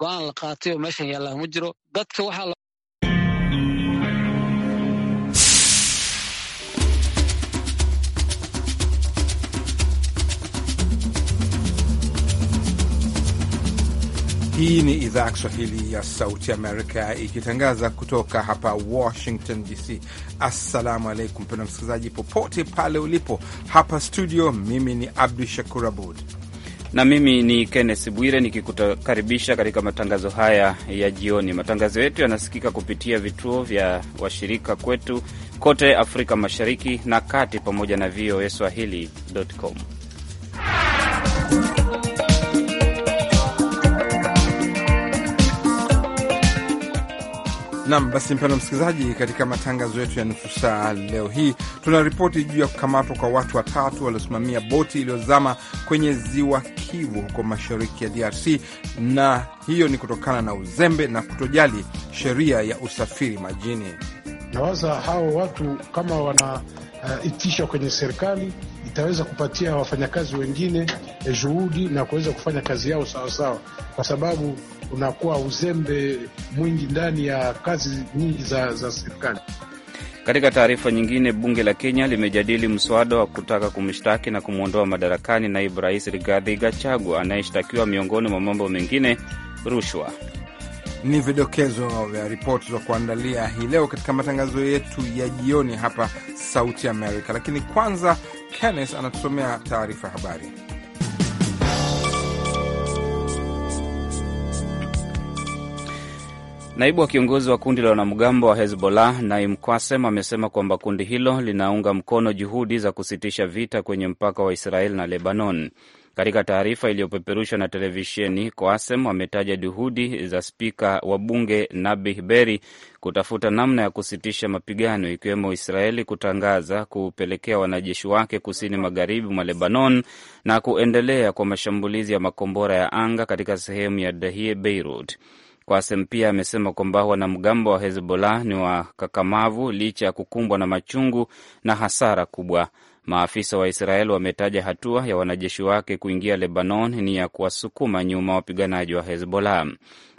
go-aan la qaatay oo meeshan yaalla ma jiro dadka waxaa Hii ni idhaa ya Kiswahili ya Sauti Amerika ikitangaza kutoka hapa Washington DC. Assalamu alaikum, pendo msikilizaji, popote pale ulipo. Hapa studio, mimi ni Abdu Shakur Abud na mimi ni Kenneth Bwire nikikukaribisha katika matangazo haya ya jioni. Matangazo yetu yanasikika kupitia vituo vya washirika kwetu kote Afrika Mashariki na Kati, pamoja na VOA swahili.com Nam basi, mpendwa msikilizaji, katika matangazo yetu ya nusu saa leo hii tuna ripoti juu ya kukamatwa kwa watu watatu waliosimamia boti iliyozama kwenye ziwa Kivu huko mashariki ya DRC, na hiyo ni kutokana na uzembe na kutojali sheria ya usafiri majini. Nawaza hao watu kama wanaitishwa eh, uh, kwenye serikali itaweza kupatia wafanyakazi wengine eh, juhudi na kuweza kufanya kazi yao sawasawa, kwa sababu unakuwa uzembe mwingi ndani ya kazi nyingi za, za serikali. Katika taarifa nyingine, bunge la Kenya limejadili mswada wa kutaka kumshtaki na kumwondoa madarakani naibu rais Rigathi Gachagua anayeshtakiwa miongoni mwa mambo mengine rushwa. Ni vidokezo vya ripoti za kuandalia hii leo katika matangazo yetu ya jioni hapa Sauti Amerika, lakini kwanza Kenneth anatusomea taarifa habari. Naibu wa kiongozi wa kundi la wanamgambo wa Hezbollah Naim Kwasem amesema kwamba kundi hilo linaunga mkono juhudi za kusitisha vita kwenye mpaka wa Israel na Lebanon. Katika taarifa iliyopeperushwa na televisheni, Kwasem ametaja juhudi za spika wa bunge Nabih Berri kutafuta namna ya kusitisha mapigano, ikiwemo Israeli kutangaza kupelekea wanajeshi wake kusini magharibi mwa Lebanon na kuendelea kwa mashambulizi ya makombora ya anga katika sehemu ya Dahie Beirut. Kwasem pia amesema kwamba wanamgambo wa Hezbollah ni wakakamavu licha ya kukumbwa na machungu na hasara kubwa. Maafisa wa Israel wametaja hatua ya wanajeshi wake kuingia Lebanon ni ya kuwasukuma nyuma wapiganaji wa Hezbollah.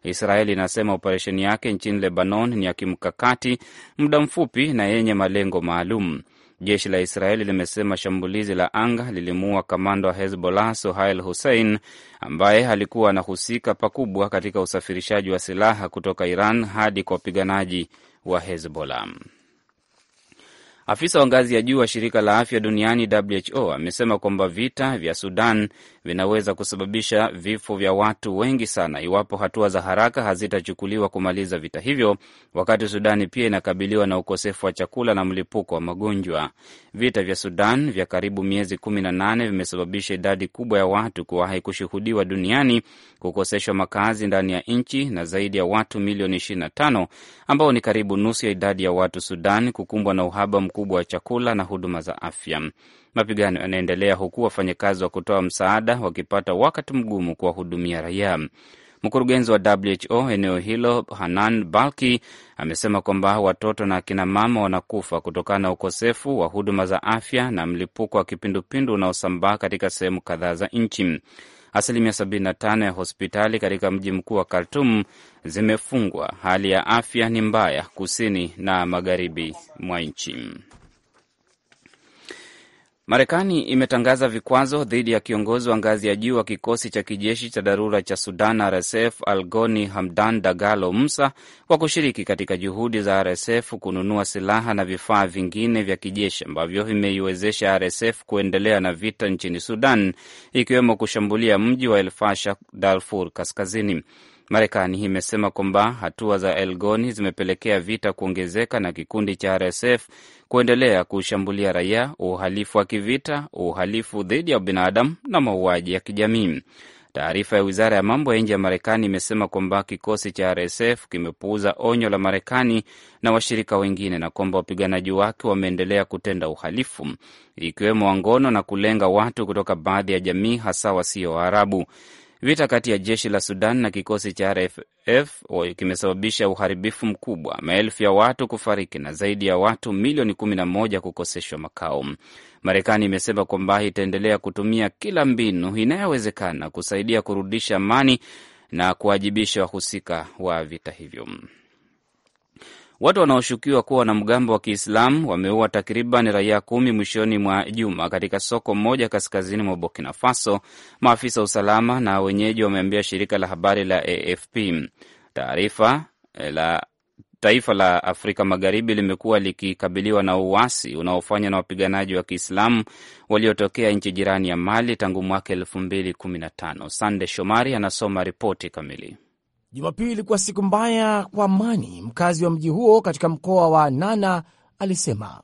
Israel inasema operesheni yake nchini Lebanon ni ya kimkakati, muda mfupi na yenye malengo maalum. Jeshi la Israeli limesema shambulizi la anga lilimuua kamanda wa Hezbollah Sohail Hussein ambaye alikuwa anahusika pakubwa katika usafirishaji wa silaha kutoka Iran hadi kwa wapiganaji wa Hezbollah. Afisa wa ngazi ya juu wa shirika la afya duniani WHO amesema kwamba vita vya Sudan vinaweza kusababisha vifo vya watu wengi sana iwapo hatua za haraka hazitachukuliwa kumaliza vita hivyo, wakati Sudani pia inakabiliwa na ukosefu wa chakula na mlipuko wa magonjwa. Vita vya Sudan vya karibu miezi 18 vimesababisha idadi kubwa ya watu kuwahi kushuhudiwa duniani kukoseshwa makazi ndani ya nchi na zaidi ya watu milioni 25 ambao ni karibu nusu ya idadi ya watu Sudan kukumbwa na uhaba mkubwa wa chakula na huduma za afya. Mapigano yanaendelea huku wafanyakazi wa kutoa msaada wakipata wakati mgumu kuwahudumia raia. Mkurugenzi wa WHO eneo hilo Hanan Balki amesema kwamba watoto na akinamama wanakufa kutokana na ukosefu wa huduma za afya na mlipuko wa kipindupindu unaosambaa katika sehemu kadhaa za nchi. Asilimia 75 ya hospitali katika mji mkuu wa Khartum zimefungwa. Hali ya afya ni mbaya kusini na magharibi mwa nchi. Marekani imetangaza vikwazo dhidi ya kiongozi wa ngazi ya juu wa kikosi cha kijeshi cha dharura cha Sudan, RSF, Algoni Hamdan Dagalo Musa, kwa kushiriki katika juhudi za RSF kununua silaha na vifaa vingine vya kijeshi ambavyo vimeiwezesha RSF kuendelea na vita nchini Sudan, ikiwemo kushambulia mji wa elfasha Darfur Kaskazini. Marekani imesema kwamba hatua za Elgoni zimepelekea vita kuongezeka na kikundi cha RSF kuendelea kushambulia raia, uhalifu wa kivita, uhalifu dhidi ya binadamu na mauaji ya kijamii. Taarifa ya wizara ya mambo ya nje ya Marekani imesema kwamba kikosi cha RSF kimepuuza onyo la Marekani na washirika wengine na kwamba wapiganaji wake wameendelea kutenda uhalifu ikiwemo wangono na kulenga watu kutoka baadhi ya jamii hasa wasio Waarabu. Vita kati ya jeshi la Sudan na kikosi cha rff kimesababisha uharibifu mkubwa, maelfu ya watu kufariki na zaidi ya watu milioni 11 kukoseshwa makao. Marekani imesema kwamba itaendelea kutumia kila mbinu inayowezekana kusaidia kurudisha amani na kuwajibisha wahusika wa vita hivyo. Watu wanaoshukiwa kuwa wanamgambo wa Kiislamu wameua takriban raia kumi mwishoni mwa juma katika soko moja kaskazini mwa Burkina Faso, maafisa wa usalama na wenyeji wameambia shirika la habari la AFP. Taarifa eh, la taifa la Afrika Magharibi limekuwa likikabiliwa na uasi unaofanywa na wapiganaji wa Kiislamu waliotokea nchi jirani ya Mali tangu mwaka elfu mbili kumi na tano. Sande Shomari anasoma ripoti kamili. Jumapili ilikuwa siku mbaya kwa amani, mkazi wa mji huo katika mkoa wa Nana alisema.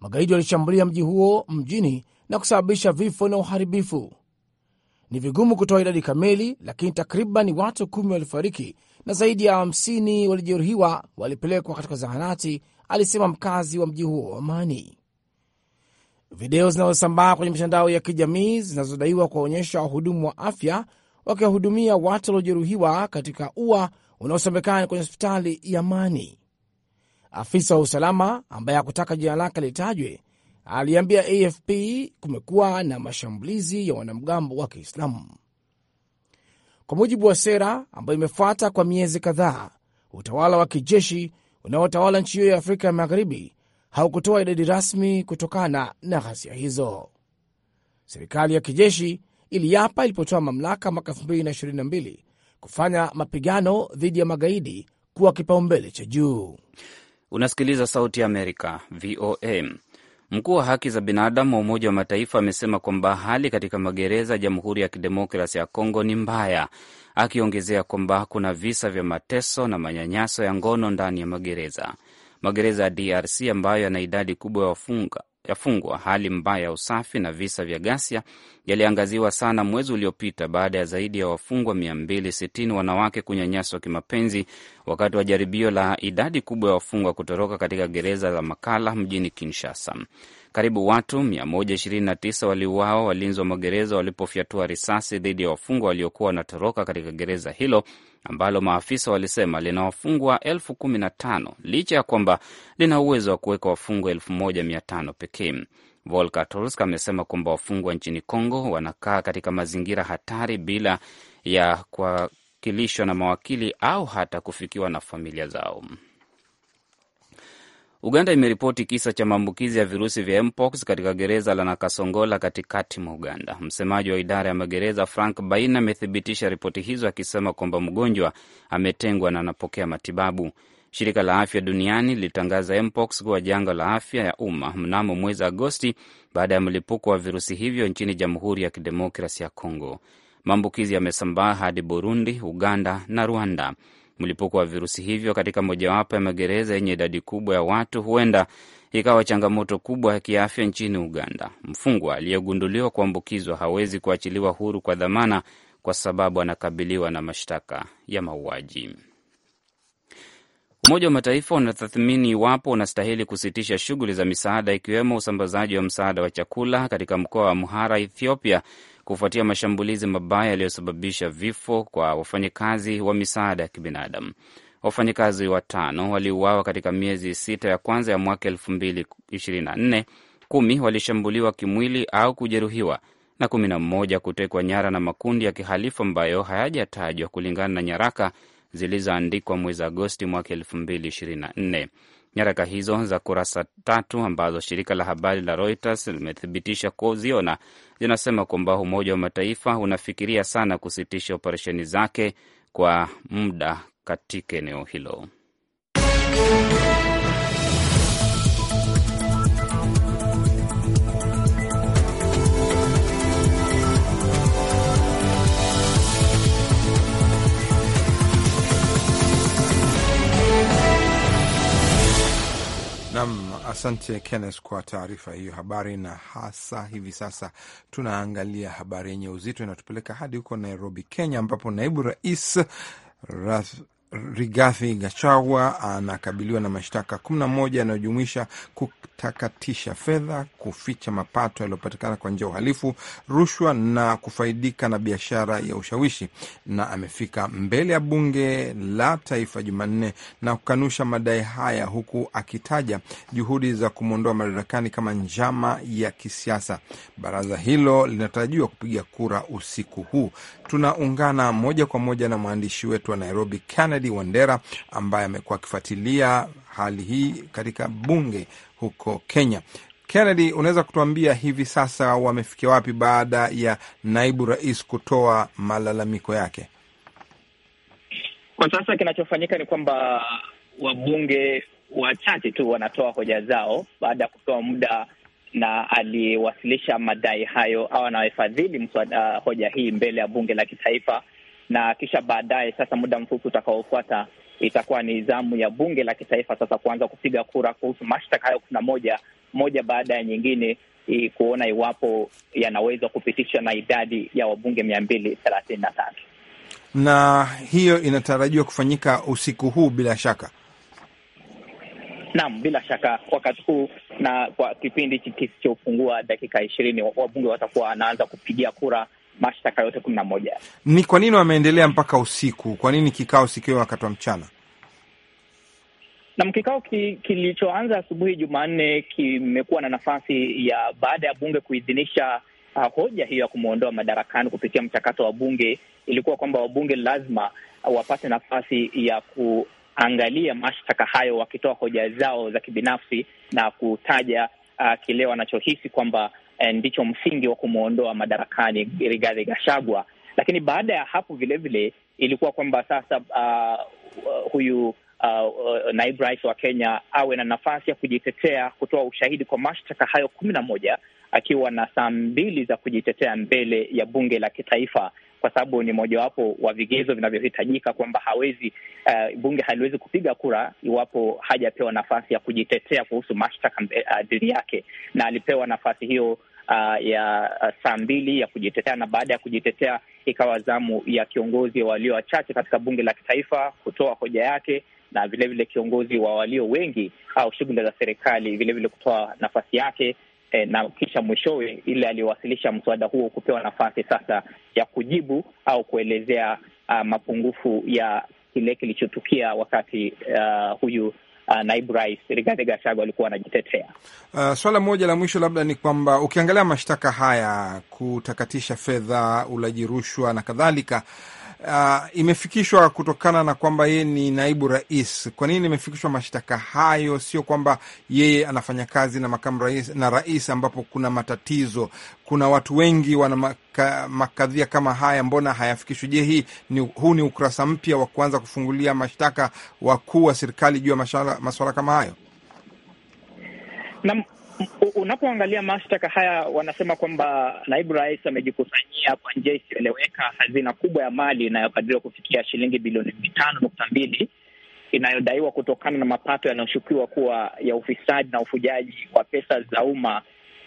Magaidi walishambulia mji huo mjini na kusababisha vifo na uharibifu. Ni vigumu kutoa idadi kamili, lakini takriban watu kumi walifariki na zaidi ya hamsini walijeruhiwa, walipelekwa katika zahanati, alisema mkazi wa mji huo wa Mani. Video zinazosambaa kwenye mitandao ya kijamii zinazodaiwa kuwaonyesha wahudumu wa afya wakiwahudumia watu waliojeruhiwa katika ua unaosemekana kwenye hospitali ya Mani. Afisa wa usalama ambaye hakutaka jina lake litajwe aliambia AFP kumekuwa na mashambulizi ya wanamgambo wa Kiislamu. Kwa mujibu wa sera ambayo imefuata kwa miezi kadhaa, utawala wa kijeshi unaotawala nchi hiyo ya Afrika ya Magharibi haukutoa idadi rasmi kutokana na ghasia hizo. Serikali ya kijeshi iliapa ilipotoa mamlaka mwaka 2022 kufanya mapigano dhidi ya magaidi kuwa kipaumbele cha juu. Unasikiliza Sauti ya Amerika, VOA. Mkuu wa haki za binadamu wa Umoja wa Mataifa amesema kwamba hali katika magereza ya Jamhuri ya Kidemokrasi ya Kongo ni mbaya, akiongezea kwamba kuna visa vya mateso na manyanyaso ya ngono ndani ya magereza. Magereza ya DRC ambayo yana idadi kubwa ya wafunga yafungwa. Hali mbaya ya usafi na visa vya ghasia yaliangaziwa sana mwezi uliopita baada ya zaidi ya wafungwa 260 wanawake kunyanyaswa kimapenzi wakati wa jaribio la idadi kubwa ya wafungwa kutoroka katika gereza la Makala mjini Kinshasa. Karibu watu 129 waliuawa walinzi wa magereza walipofyatua risasi dhidi ya wafungwa waliokuwa wanatoroka katika gereza hilo ambalo maafisa walisema lina wafungwa elfu kumi na tano licha ya kwamba lina uwezo wa kuweka wafungwa elfu moja mia tano pekee. Volker Turk amesema kwamba wafungwa nchini congo wanakaa katika mazingira hatari bila ya kuwakilishwa na mawakili au hata kufikiwa na familia zao. Uganda imeripoti kisa cha maambukizi ya virusi vya mpox katika gereza la Nakasongola katikati mwa Uganda. Msemaji wa idara ya magereza Frank Baina amethibitisha ripoti hizo akisema kwamba mgonjwa ametengwa na anapokea matibabu. Shirika la Afya Duniani lilitangaza mpox kuwa janga la afya ya umma mnamo mwezi Agosti baada ya mlipuko wa virusi hivyo nchini Jamhuri ya Kidemokrasi ya congo Maambukizi yamesambaa hadi Burundi, Uganda na Rwanda. Mlipuko wa virusi hivyo katika mojawapo ya magereza yenye idadi kubwa ya watu huenda ikawa changamoto kubwa ya kiafya nchini Uganda. Mfungwa aliyegunduliwa kuambukizwa hawezi kuachiliwa huru kwa dhamana kwa sababu anakabiliwa na mashtaka ya mauaji. Umoja wa Mataifa unatathmini iwapo unastahili kusitisha shughuli za misaada ikiwemo usambazaji wa msaada wa chakula katika mkoa wa Amhara, Ethiopia, kufuatia mashambulizi mabaya yaliyosababisha vifo kwa wafanyakazi wa misaada ya kibinadamu. Wafanyakazi watano waliuawa katika miezi sita ya kwanza ya mwaka elfu mbili ishirini na nne. Kumi walishambuliwa kimwili au kujeruhiwa na kumi na mmoja kutekwa nyara na makundi ya kihalifu ambayo hayajatajwa kulingana na nyaraka zilizoandikwa mwezi Agosti mwaka elfu mbili ishirini na nne. Nyaraka hizo za kurasa tatu ambazo shirika la habari la Reuters limethibitisha kuziona zinasema kwamba Umoja wa Mataifa unafikiria sana kusitisha operesheni zake kwa muda katika eneo hilo. Nam, asante Kenneth kwa taarifa hiyo habari. Na hasa hivi sasa tunaangalia habari yenye uzito, inatupeleka hadi huko Nairobi, Kenya, ambapo naibu rais Rath Rigathi Gachagua anakabiliwa na mashtaka moja yanayojumuisha kutakatisha fedha, kuficha mapato yaliyopatikana kwa njia ya uhalifu, rushwa na kufaidika na biashara ya ushawishi, na amefika mbele ya bunge la taifa Jumanne na kukanusha madai haya, huku akitaja juhudi za kumwondoa madarakani kama njama ya kisiasa. Baraza hilo linatarajiwa kupiga kura usiku huu tunaungana moja kwa moja na mwandishi wetu wa Nairobi, Kennedy Wandera, ambaye amekuwa akifuatilia hali hii katika bunge huko Kenya. Kennedy, unaweza kutuambia hivi sasa wamefikia wapi baada ya naibu rais kutoa malalamiko yake? Kwa sasa kinachofanyika ni kwamba wabunge wachache tu wanatoa hoja zao baada ya kutoa muda na aliwasilisha madai hayo au anawefadhili mswada, uh, hoja hii mbele ya bunge la kitaifa, na kisha baadaye sasa, muda mfupi utakaofuata, itakuwa ni zamu ya bunge la kitaifa sasa kuanza kupiga kura kuhusu mashtaka hayo kumi na moja moja baada ya nyingine kuona iwapo yanaweza kupitishwa na idadi ya wabunge mia mbili thelathini na tatu na hiyo inatarajiwa kufanyika usiku huu bila shaka. Naam, bila shaka wakati huu na kwa kipindi kisichopungua dakika ishirini wabunge watakuwa wanaanza kupigia kura mashtaka yote kumi na moja. Ni kwa nini wameendelea mpaka usiku? Kwa nini kikao sikiwe wakati wa mchana? Nam, kikao ki, kilichoanza asubuhi Jumanne kimekuwa na nafasi ya baada ya bunge kuidhinisha uh, hoja hiyo ya kumwondoa madarakani kupitia mchakato wa bunge, ilikuwa kwamba wabunge lazima uh, wapate nafasi ya ku wanaangalia mashtaka hayo wakitoa hoja zao za kibinafsi na kutaja uh, kile wanachohisi kwamba eh, ndicho msingi wa kumwondoa madarakani Rigathi Gachagua. Lakini baada ya hapo vilevile ilikuwa kwamba sasa uh, huyu uh, naibu rais wa Kenya awe na nafasi ya kujitetea, kutoa ushahidi kwa mashtaka hayo kumi na moja akiwa na saa mbili za kujitetea mbele ya bunge la kitaifa kwa sababu ni mojawapo wa vigezo vinavyohitajika kwamba hawezi uh, bunge haliwezi kupiga kura iwapo hajapewa nafasi ya kujitetea kuhusu mashtaka eh, dhidi yake, na alipewa nafasi hiyo Uh, ya uh, saa mbili ya kujitetea na baada ya kujitetea ikawa zamu ya kiongozi wa walio wachache katika bunge la kitaifa kutoa hoja yake, na vilevile vile kiongozi wa walio wengi au shughuli za serikali vilevile kutoa nafasi yake e, na kisha mwishowe ile aliyowasilisha mswada huo kupewa nafasi sasa ya kujibu au kuelezea uh, mapungufu ya kile kilichotukia wakati uh, huyu Uh, naibu rais Rigathi Gachagua alikuwa anajitetea. Uh, swala moja la mwisho labda ni kwamba ukiangalia mashtaka haya, kutakatisha fedha, ulaji rushwa na kadhalika, uh, imefikishwa kutokana na kwamba yeye ni naibu rais. Kwa nini imefikishwa mashtaka hayo? Sio kwamba yeye anafanya kazi na makamu rais na rais, ambapo kuna matatizo. Kuna watu wengi wana maka, makadhia kama haya, mbona hayafikishwi? Je, hii ni, huu ni ukurasa mpya wa kuanza kufungulia mashtaka wakuu wa serikali juu ya masuala kama hayo? Unapoangalia mashtaka haya, wanasema kwamba naibu rais amejikusanyia kwa njia isiyoeleweka hazina kubwa ya mali inayokadiriwa kufikia shilingi bilioni tano nukta mbili inayodaiwa kutokana na mapato yanayoshukiwa kuwa ya ufisadi na ufujaji wa pesa za umma.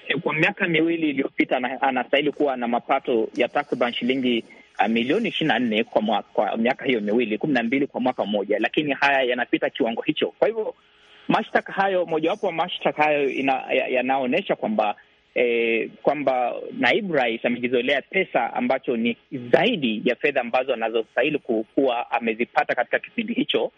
Eh, kwa miaka miwili iliyopita, anastahili kuwa na mapato ya takriban shilingi ah, milioni ishirini na nne kwa miaka hiyo miwili, kumi na mbili kwa mwaka mmoja, lakini haya yanapita kiwango hicho. Kwa hivyo mashtaka hayo, mojawapo wa mashtaka hayo yanaonyesha ya kwamba E, kwamba naibu rais amejizolea pesa ambacho ni zaidi ya fedha ambazo anazostahili kuwa amezipata katika kipindi hicho,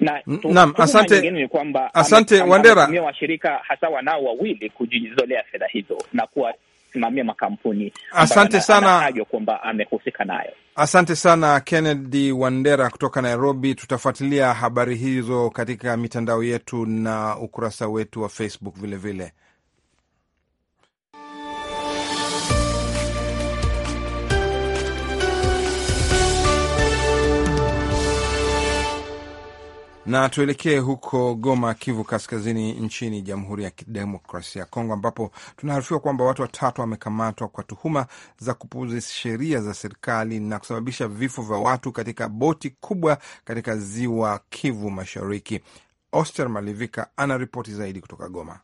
na naam, asante, ni kwamba asante Wandera, washirika hasa wanao wawili kujizolea fedha hizo na kuwasimamia makampuni. Asante sana kwamba amehusika nayo. Asante sana Kennedy Wandera kutoka Nairobi. Tutafuatilia habari hizo katika mitandao yetu na ukurasa wetu wa Facebook vilevile vile. Na tuelekee huko Goma, Kivu Kaskazini, nchini Jamhuri ya Kidemokrasia ya Kongo, ambapo tunaarifiwa kwamba watu watatu wamekamatwa kwa tuhuma za kupuuza sheria za serikali na kusababisha vifo vya watu katika boti kubwa katika ziwa Kivu Mashariki. Oster Malivika ana ripoti zaidi kutoka Goma.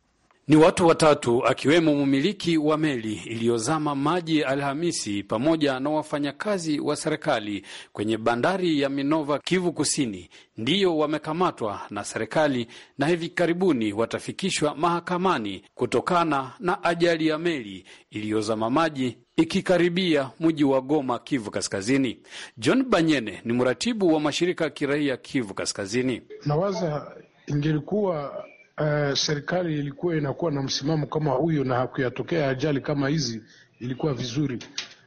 Ni watu watatu akiwemo mumiliki wa meli iliyozama maji Alhamisi pamoja na wafanyakazi wa serikali kwenye bandari ya Minova, Kivu Kusini, ndiyo wamekamatwa na serikali na hivi karibuni watafikishwa mahakamani kutokana na ajali ya meli iliyozama maji ikikaribia mji wa Goma, Kivu Kaskazini. John Banyene ni mratibu wa mashirika ya kiraia Kivu Kaskazini. Nawaza ingelikuwa uh, serikali ilikuwa inakuwa na msimamo kama huyo na hakuyatokea ajali kama hizi, ilikuwa vizuri.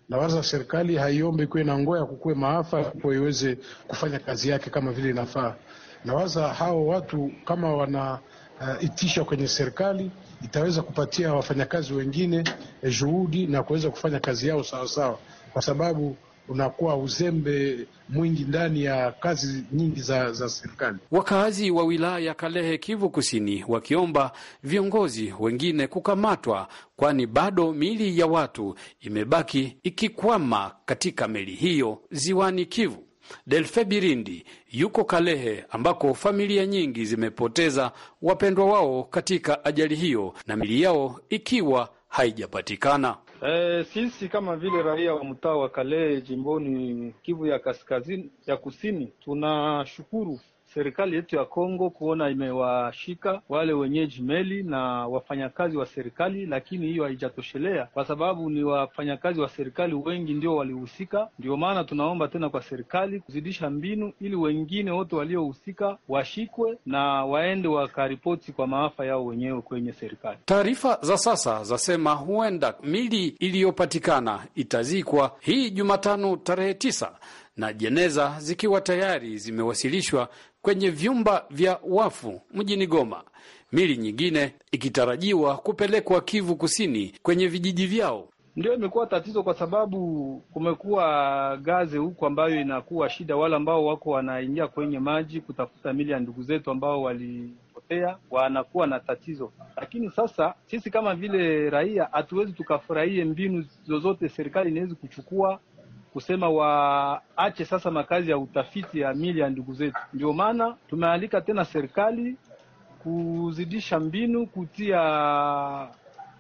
Nawaza serikali haiombe kuwe na ngoya kukuwe maafa kwa iweze kufanya kazi yake kama vile inafaa. Nawaza hao watu kama wanaitisha eh, uh, kwenye serikali itaweza kupatia wafanyakazi wengine eh, juhudi na kuweza kufanya kazi yao sawasawa, kwa sababu unakuwa uzembe mwingi ndani ya kazi nyingi za, za serikali. Wakazi wa wilaya ya Kalehe, Kivu Kusini, wakiomba viongozi wengine kukamatwa, kwani bado miili ya watu imebaki ikikwama katika meli hiyo ziwani Kivu. Delfe Birindi yuko Kalehe ambako familia nyingi zimepoteza wapendwa wao katika ajali hiyo na mili yao ikiwa haijapatikana. E, sisi kama vile raia wa mtaa wa Kale jimboni Kivu ya kaskazini ya kusini tunashukuru serikali yetu ya Kongo kuona imewashika wale wenyeji meli na wafanyakazi wa serikali, lakini hiyo haijatoshelea kwa sababu ni wafanyakazi wa serikali wengi ndio walihusika. Ndio maana tunaomba tena kwa serikali kuzidisha mbinu ili wengine wote waliohusika washikwe na waende wakaripoti kwa maafa yao wenyewe kwenye serikali. Taarifa za sasa zasema huenda mili iliyopatikana itazikwa hii Jumatano tarehe tisa na jeneza zikiwa tayari zimewasilishwa kwenye vyumba vya wafu mjini Goma, mili nyingine ikitarajiwa kupelekwa Kivu Kusini kwenye vijiji vyao. Ndio imekuwa tatizo kwa sababu kumekuwa gazi huku ambayo inakuwa shida. Wale ambao wako wanaingia kwenye maji kutafuta mili ya ndugu zetu ambao walipotea wanakuwa na tatizo, lakini sasa sisi kama vile raia hatuwezi tukafurahie mbinu zozote serikali inawezi kuchukua kusema waache sasa makazi ya utafiti ya mili ya ndugu zetu. Ndio maana tumealika tena serikali kuzidisha mbinu, kutia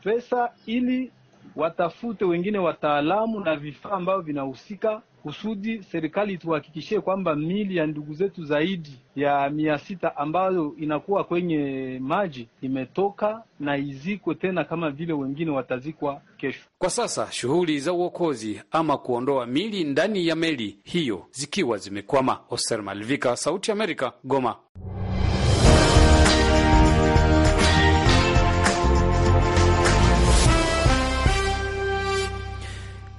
pesa ili watafute wengine wataalamu na vifaa ambavyo vinahusika kusudi serikali tuhakikishie kwamba mili ya ndugu zetu zaidi ya mia sita ambayo inakuwa kwenye maji imetoka na izikwe tena kama vile wengine watazikwa kesho. Kwa sasa shughuli za uokozi ama kuondoa mili ndani ya meli hiyo zikiwa zimekwama. Oser Malvika, Sauti ya Amerika, Goma.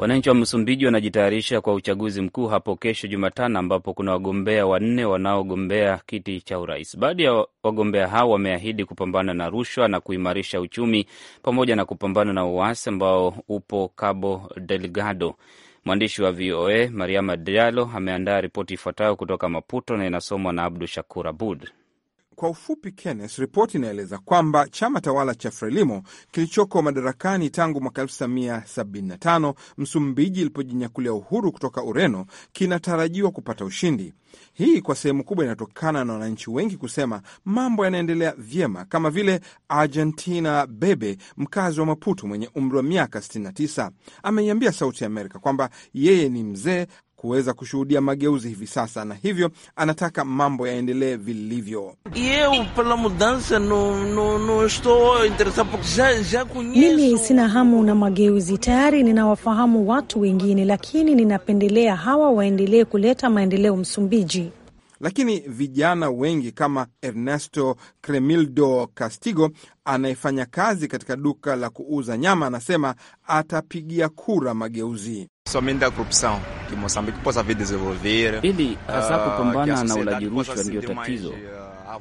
Wananchi wa Msumbiji wanajitayarisha kwa uchaguzi mkuu hapo kesho Jumatano, ambapo kuna wagombea wanne wanaogombea kiti cha urais. Baadhi ya wagombea hao wameahidi kupambana na rushwa na kuimarisha uchumi pamoja na kupambana na uasi ambao upo Cabo Delgado. Mwandishi wa VOA Mariama Diallo ameandaa ripoti ifuatayo kutoka Maputo na inasomwa na Abdu Shakur Abud. Kwa ufupi, Kennes, ripoti inaeleza kwamba chama tawala cha Frelimo kilichoko madarakani tangu mwaka 1975 Msumbiji ilipojinyakulia uhuru kutoka Ureno kinatarajiwa kupata ushindi. Hii kwa sehemu kubwa inatokana na wananchi wengi kusema mambo yanaendelea vyema, kama vile Argentina Bebe, mkazi wa Maputo mwenye umri wa miaka 69, ameiambia Sauti ya Amerika kwamba yeye ni mzee kuweza kushuhudia mageuzi hivi sasa, na hivyo anataka mambo yaendelee vilivyo. Mimi sina hamu na mageuzi, tayari ninawafahamu watu wengine, lakini ninapendelea hawa waendelee kuleta maendeleo Msumbiji lakini vijana wengi kama Ernesto Cremildo Castigo anayefanya kazi katika duka la kuuza nyama anasema atapigia kura mageuzi ili hasa uh, kupambana na ulaji rushwa ndiyo tatizo, uh,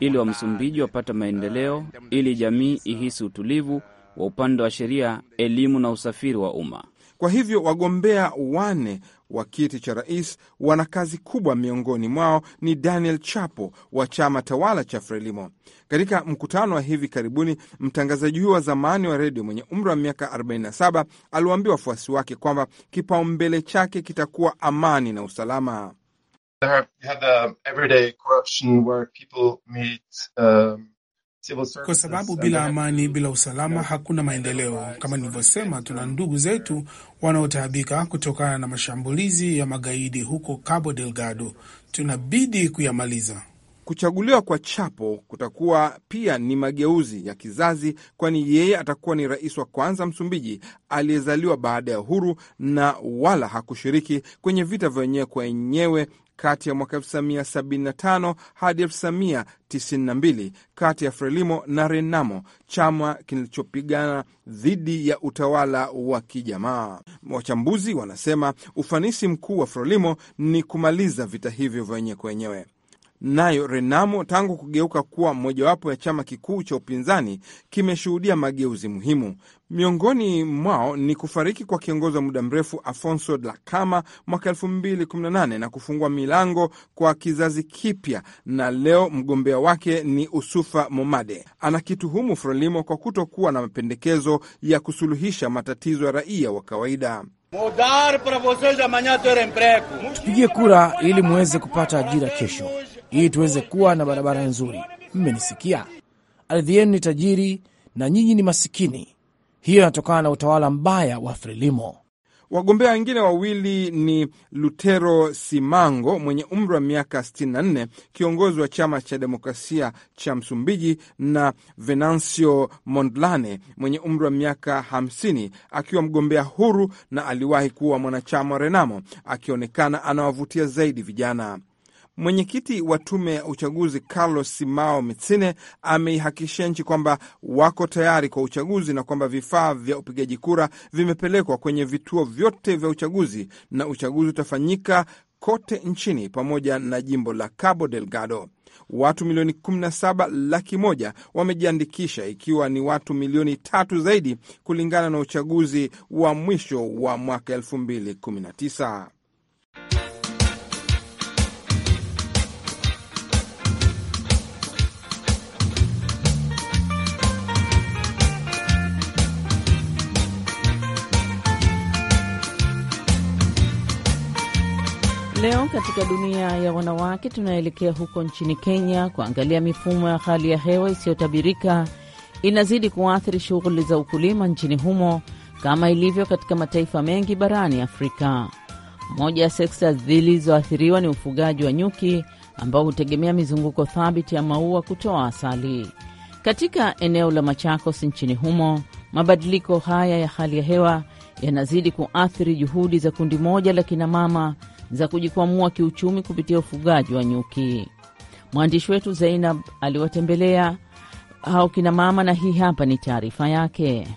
ili wa Msumbiji wapata maendeleo, uh, ili jamii ihisi utulivu wa upande wa sheria, elimu na usafiri wa umma. Kwa hivyo wagombea wane wa kiti cha rais wana kazi kubwa. Miongoni mwao ni Daniel Chapo wa chama tawala cha Frelimo. Katika mkutano wa hivi karibuni, mtangazaji huyo wa zamani wa redio mwenye umri wa miaka 47 aliwaambia wafuasi wake kwamba kipaumbele chake kitakuwa amani na usalama. There have, have, uh, everyday corruption where people meet, um kwa sababu bila amani, bila usalama hakuna maendeleo. Kama nilivyosema, tuna ndugu zetu wanaotaabika kutokana na mashambulizi ya magaidi huko Cabo Delgado, tunabidi kuyamaliza. Kuchaguliwa kwa Chapo kutakuwa pia ni mageuzi ya kizazi, kwani yeye atakuwa ni rais wa kwanza Msumbiji aliyezaliwa baada ya uhuru na wala hakushiriki kwenye vita vya wenyewe kwa wenyewe kati ya mwaka 1975 hadi 1992 kati ya Frelimo na Renamo, chama kilichopigana dhidi ya utawala wa kijamaa. Wachambuzi wanasema ufanisi mkuu wa Frelimo ni kumaliza vita hivyo vyenye kwenyewe. Nayo Renamo tangu kugeuka kuwa mojawapo ya chama kikuu cha upinzani kimeshuhudia mageuzi muhimu. Miongoni mwao ni kufariki kwa kiongozi wa muda mrefu Afonso Dhlakama mwaka 2018 na kufungua milango kwa kizazi kipya, na leo mgombea wake ni Usufa Momade. Anakituhumu Frelimo kwa kutokuwa na mapendekezo ya kusuluhisha matatizo ya raia wa kawaida. Tupige kura ili muweze kupata ajira kesho ili tuweze kuwa na barabara nzuri. Mmenisikia? Ardhi yenu ni tajiri na nyinyi ni masikini. Hiyo inatokana na utawala mbaya wa Frelimo. Wagombea wengine wawili ni Lutero Simango mwenye umri wa miaka 64, kiongozi wa chama cha demokrasia cha Msumbiji, na Venancio Mondlane mwenye umri wa miaka 50, akiwa mgombea huru na aliwahi kuwa mwanachama wa Renamo, akionekana anawavutia zaidi vijana. Mwenyekiti wa tume ya uchaguzi Carlos Simao Mitsine ameihakikishia nchi kwamba wako tayari kwa uchaguzi na kwamba vifaa vya upigaji kura vimepelekwa kwenye vituo vyote vya uchaguzi na uchaguzi utafanyika kote nchini pamoja na jimbo la Cabo Delgado. Watu milioni 17 laki moja wamejiandikisha ikiwa ni watu milioni tatu zaidi kulingana na uchaguzi wa mwisho wa mwaka 2019. Leo katika dunia ya wanawake, tunaelekea huko nchini Kenya kuangalia mifumo ya hali ya hewa isiyotabirika inazidi kuathiri shughuli za ukulima nchini humo kama ilivyo katika mataifa mengi barani Afrika. Moja ya sekta zilizoathiriwa ni ufugaji wa nyuki ambao hutegemea mizunguko thabiti ya maua kutoa asali. Katika eneo la Machakos nchini humo, mabadiliko haya ya hali ya hewa yanazidi kuathiri juhudi za kundi moja la kinamama za kujikwamua kiuchumi kupitia ufugaji wa nyuki. Mwandishi wetu Zainab aliwatembelea hao kina mama na hii hapa ni taarifa yake.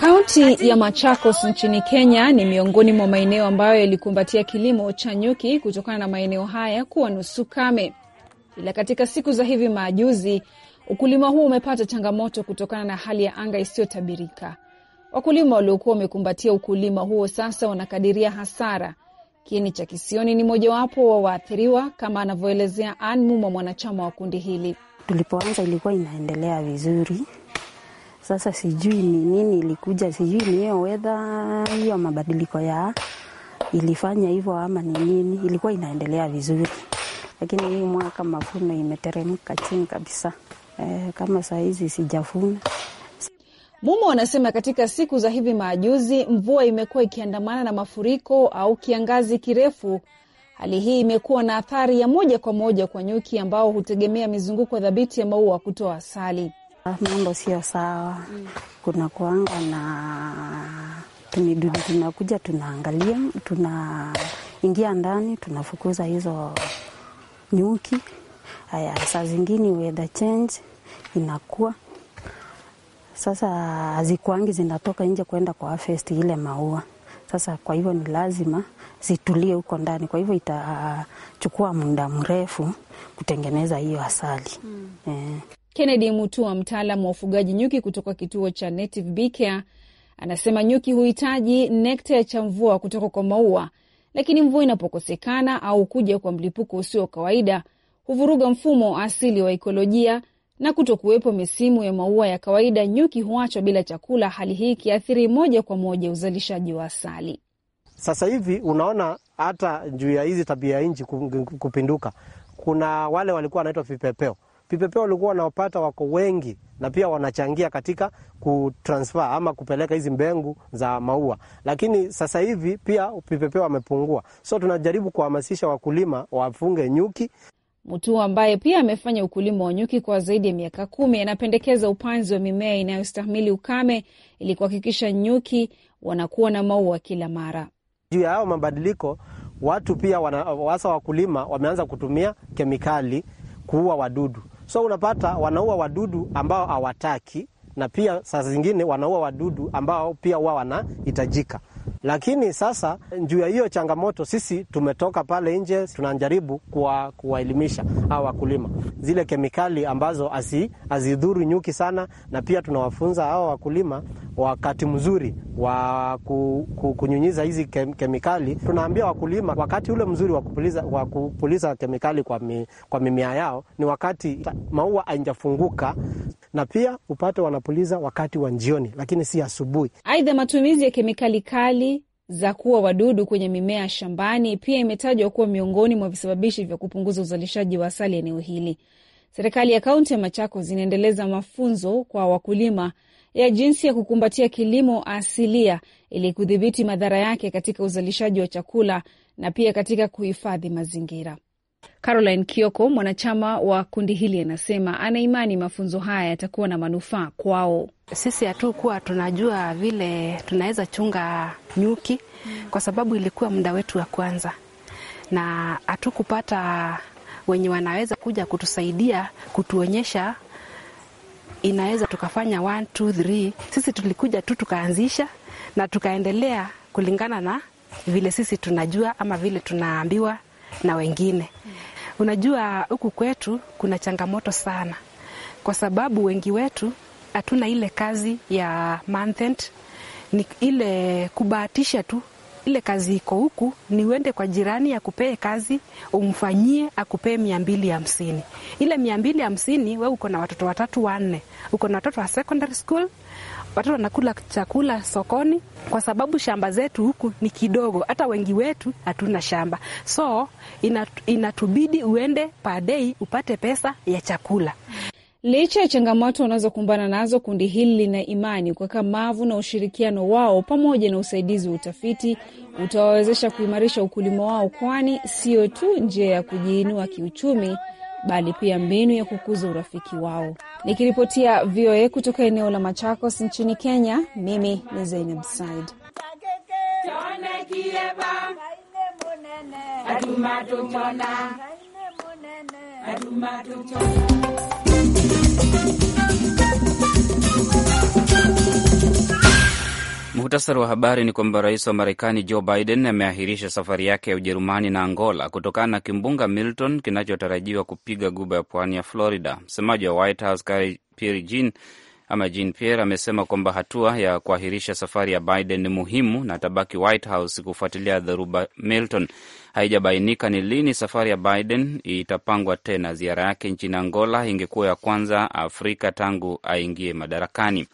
Kaunti ya Machakos nchini Kenya ni miongoni mwa maeneo ambayo yalikumbatia kilimo cha nyuki kutokana na maeneo haya kuwa nusu kame, ila katika siku za hivi majuzi ukulima huu umepata changamoto kutokana na hali ya anga isiyotabirika. Wakulima waliokuwa wamekumbatia ukulima huo sasa wanakadiria hasara. Kiini cha Kisioni ni mojawapo wa waathiriwa, kama anavyoelezea Ann Muma, mwanachama wa kundi hili. Tulipoanza ilikuwa inaendelea vizuri, sasa sijui ni nini ilikuja, sijui ni hiyo wedha, hiyo mabadiliko ya ilifanya hivyo ama ni nini. Ilikuwa inaendelea vizuri, lakini hii mwaka mavuno imeteremka chini kabisa. E, kama saa hizi mumo wanasema katika siku za hivi majuzi mvua imekuwa ikiandamana na mafuriko au kiangazi kirefu. Hali hii imekuwa na athari ya moja kwa moja kwa nyuki ambao hutegemea mizunguko dhabiti ya maua kutoa asali. Ah, mambo sio sawa, kuna kuanga na tumidudu, tunakuja tunaangalia, tunaingia ndani, tunafukuza hizo nyuki. Haya, saa zingine weather change inakuwa sasa zikwangi zinatoka nje kwenda kwa fest ile maua. Sasa kwa hivyo ni lazima zitulie huko ndani, kwa hivyo itachukua muda mrefu kutengeneza hiyo asali mm. Eh. Kennedy Mutua, mtaalamu wa ufugaji nyuki kutoka kituo cha Native Bee anasema nyuki huhitaji nekta cha mvua kutoka kwa maua, lakini mvua inapokosekana au kuja kwa mlipuko usio wa kawaida huvuruga mfumo wa asili wa ikolojia na kutokuwepo misimu ya maua ya kawaida, nyuki huachwa bila chakula, hali hii ikiathiri moja kwa moja uzalishaji wa asali. Sasa hivi unaona hata juu ya hizi tabia nchi kupinduka, kuna wale walikuwa wanaitwa vipepeo. Vipepeo walikuwa wanaopata wako wengi, na pia wanachangia katika kutransfer ama kupeleka hizi mbengu za maua, lakini sasa hivi pia vipepeo wamepungua. So tunajaribu kuhamasisha wakulima wafunge nyuki Mutua ambaye pia amefanya ukulima wa nyuki kwa zaidi ya miaka kumi anapendekeza upanzi wa mimea inayostahimili ukame ili kuhakikisha nyuki wanakuwa na maua kila mara. Juu ya hayo mabadiliko, watu pia hasa wakulima wameanza kutumia kemikali kuua wadudu, so unapata wanaua wadudu ambao hawataki, na pia saa zingine wanaua wadudu ambao pia huwa wanahitajika. Lakini sasa juu ya hiyo changamoto, sisi tumetoka pale nje, tunajaribu kuwaelimisha hawa wakulima zile kemikali ambazo hazidhuru nyuki sana, na pia tunawafunza hawa wakulima wakati mzuri wa kunyunyiza hizi kemikali. Tunaambia wakulima wakati ule mzuri wa kupuliza, wa kupuliza kemikali kwa, mi, kwa mimea yao ni wakati maua haijafunguka na pia upate wanapuliza wakati wa jioni, lakini si asubuhi. Aidha, matumizi ya kemikali kali za kuua wadudu kwenye mimea shambani pia imetajwa kuwa miongoni mwa visababishi vya kupunguza uzalishaji wa asali eneo hili. Serikali ya kaunti ya Machakos zinaendeleza mafunzo kwa wakulima ya jinsi ya kukumbatia kilimo asilia ili kudhibiti madhara yake katika uzalishaji wa chakula na pia katika kuhifadhi mazingira. Caroline Kioko, mwanachama wa kundi hili, anasema anaimani mafunzo haya yatakuwa na manufaa kwao. Sisi hatukuwa tunajua vile tunaweza chunga nyuki, kwa sababu ilikuwa muda wetu wa kwanza, na hatukupata wenye wanaweza kuja kutusaidia kutuonyesha inaweza tukafanya one, Sisi tulikuja tu tukaanzisha na tukaendelea kulingana na vile sisi tunajua ama vile tunaambiwa na wengine. Unajua, huku kwetu kuna changamoto sana, kwa sababu wengi wetu hatuna ile kazi ya month end, ni ile kubahatisha tu ile kazi iko huku, ni uende kwa jirani akupee kazi umfanyie, akupee mia mbili hamsini. Ile mia mbili hamsini we uko na watoto watatu wanne, uko na watoto wa secondary school, watoto wanakula chakula sokoni, kwa sababu shamba zetu huku ni kidogo. Hata wengi wetu hatuna shamba, so inatubidi uende padei upate pesa ya chakula. Licha ya changamoto wanazokumbana nazo, kundi hili lina imani kuweka mavu na ushirikiano wao pamoja na usaidizi wa utafiti utawawezesha kuimarisha ukulima wao, kwani sio tu njia ya kujiinua kiuchumi bali pia mbinu ya kukuza urafiki wao. Nikiripotia VOA kutoka eneo la Machakos nchini Kenya, mimi ni Zainab Said. Muhtasari wa habari ni kwamba rais wa Marekani Joe Biden ameahirisha safari yake ya Ujerumani na Angola kutokana na kimbunga Milton kinachotarajiwa kupiga guba ya pwani ya Florida. Msemaji wa White House Pierre Jean ama Jean Pierre amesema kwamba hatua ya kuahirisha safari ya Biden ni muhimu na tabaki White House kufuatilia dharuba Milton. Haijabainika ni lini safari ya Biden itapangwa tena. Ziara yake nchini Angola ingekuwa ya kwanza Afrika tangu aingie madarakani.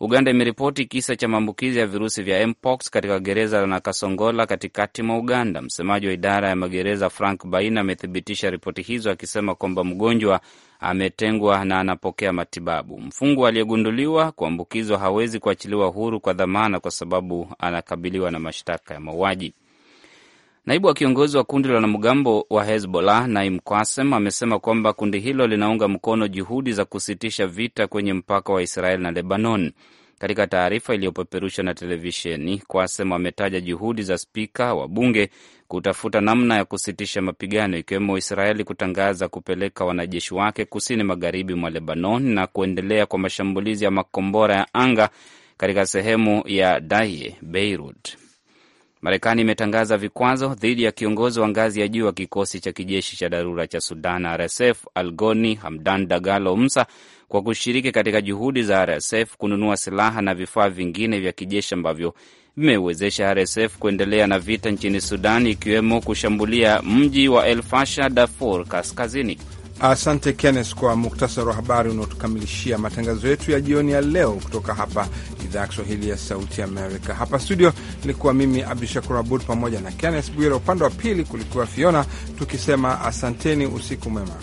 Uganda imeripoti kisa cha maambukizi ya virusi vya mpox katika gereza la Kasongola katikati mwa Uganda. Msemaji wa idara ya magereza Frank Baina amethibitisha ripoti hizo akisema kwamba mgonjwa ametengwa na anapokea matibabu. Mfungwa aliyegunduliwa kuambukizwa hawezi kuachiliwa huru kwa dhamana kwa sababu anakabiliwa na mashtaka ya mauaji. Naibu wa kiongozi wa kundi la wanamgambo wa Hezbollah Naim kwasem amesema kwamba kundi hilo linaunga mkono juhudi za kusitisha vita kwenye mpaka wa Israel na Lebanon. Katika taarifa iliyopeperushwa na televisheni, kwasem ametaja juhudi za spika wa bunge kutafuta namna ya kusitisha mapigano, ikiwemo Israeli kutangaza kupeleka wanajeshi wake kusini magharibi mwa Lebanon na kuendelea kwa mashambulizi ya makombora ya anga katika sehemu ya Daye, Beirut. Marekani imetangaza vikwazo dhidi ya kiongozi wa ngazi ya juu wa kikosi cha kijeshi cha dharura cha Sudan, RSF, Algoni Hamdan Dagalo Msa, kwa kushiriki katika juhudi za RSF kununua silaha na vifaa vingine vya kijeshi ambavyo vimeiwezesha RSF kuendelea na vita nchini Sudan, ikiwemo kushambulia mji wa El dafor Darfur Kaskazini. Asante Kennes kwa muktasari wa habari unaotukamilishia matangazo yetu ya jioni ya leo kutoka hapa idhaa ya Kiswahili ya Sauti Amerika. Hapa studio nilikuwa mimi Abdu Shakur Abud pamoja na Kennes Bwire, upande wa pili kulikuwa Fiona, tukisema asanteni, usiku mwema.